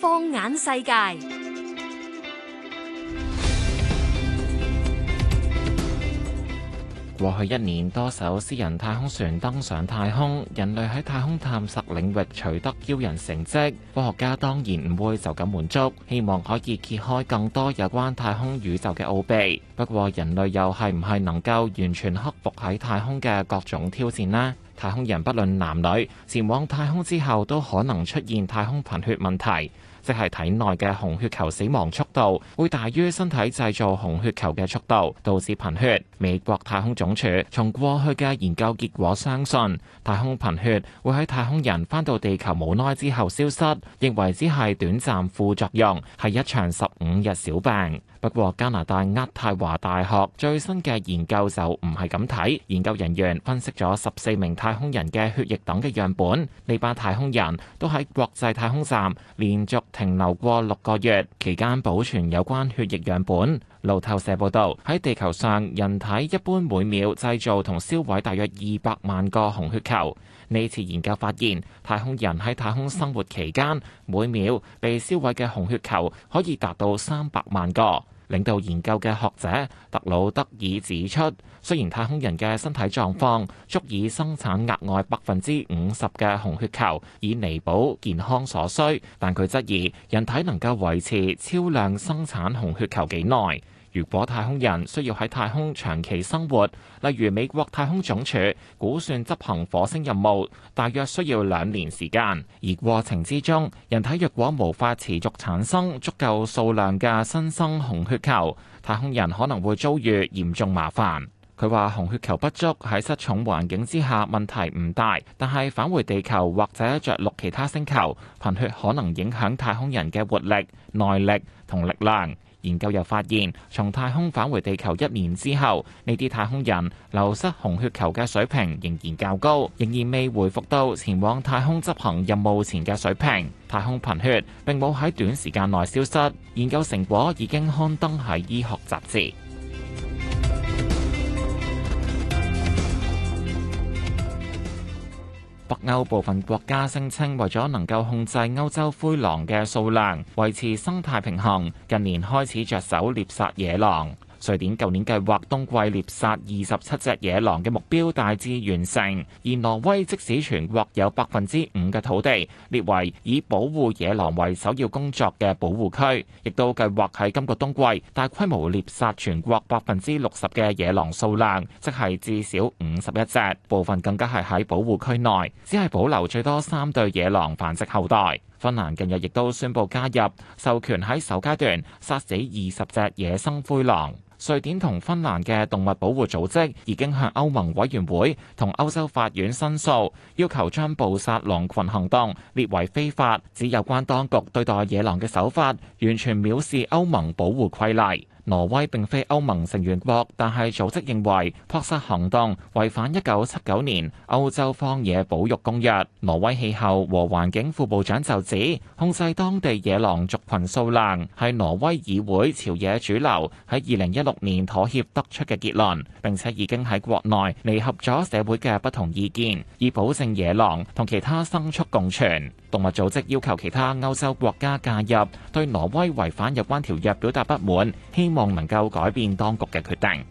放眼世界。過去一年，多艘私人太空船登上太空，人類喺太空探索領域取得驕人成績。科學家當然唔會就咁滿足，希望可以揭開更多有關太空宇宙嘅奧秘。不過，人類又係唔係能夠完全克服喺太空嘅各種挑戰呢？太空人不論男女，前往太空之後都可能出現太空貧血問題。即係體內嘅紅血球死亡速度會大於身體製造紅血球嘅速度，導致貧血。美國太空總署從過去嘅研究結果相信，太空貧血會喺太空人翻到地球無耐之後消失，認為只係短暫副作用，係一場十五日小病。不過加拿大渥太華大學最新嘅研究就唔係咁睇，研究人員分析咗十四名太空人嘅血液等嘅樣本，呢班太空人都喺國際太空站連續停留過六個月，期間保存有關血液樣本。路透社報道，喺地球上，人體一般每秒製造同燒毀大約二百萬個紅血球。呢次研究發現，太空人喺太空生活期間，每秒被燒毀嘅紅血球可以達到三百萬個。領導研究嘅學者特魯德爾指出，雖然太空人嘅身體狀況足以生產額外百分之五十嘅紅血球以彌補健康所需，但佢質疑人體能夠維持超量生產紅血球幾耐。如果太空人需要喺太空長期生活，例如美國太空總署估算，執行火星任務大約需要兩年時間，而過程之中，人體若果無法持續產生足夠數量嘅新生紅血球，太空人可能會遭遇嚴重麻煩。佢話紅血球不足喺失重環境之下問題唔大，但係返回地球或者着陸其他星球，貧血可能影響太空人嘅活力、耐力同力量。研究又發現，從太空返回地球一年之後，呢啲太空人流失紅血球嘅水平仍然較高，仍然未回復到前往太空執行任務前嘅水平。太空貧血並冇喺短時間內消失。研究成果已經刊登喺醫學雜誌。北歐部分國家聲稱，為咗能夠控制歐洲灰狼嘅數量，維持生態平衡，近年開始着手獵殺野狼。瑞典舊年計劃冬季獵殺二十七隻野狼嘅目標大致完成，而挪威即使全國有百分之五嘅土地列為以保護野狼為首要工作嘅保護區，亦都計劃喺今個冬季大規模獵殺全國百分之六十嘅野狼數量，即係至少五十一隻。部分更加係喺保護區內，只係保留最多三對野狼繁殖後代。芬蘭近日亦都宣布加入授權，喺首階段殺死二十隻野生灰狼。瑞典同芬蘭嘅動物保護組織已經向歐盟委員會同歐洲法院申訴，要求將捕殺狼羣行動列為非法，指有關當局對待野狼嘅手法完全藐視歐盟保護規例。挪威並非歐盟成員國，但係組織認為撲殺行動違反一九七九年歐洲荒野保育公約。挪威氣候和環境副部長就指，控制當地野狼族群數量係挪威議會朝野主流。喺二零一六六年妥協得出嘅結論，並且已經喺國內彌合咗社會嘅不同意見，以保證野狼同其他牲畜共存。動物組織要求其他歐洲國家介入，對挪威違反有關條約表達不滿，希望能夠改變當局嘅決定。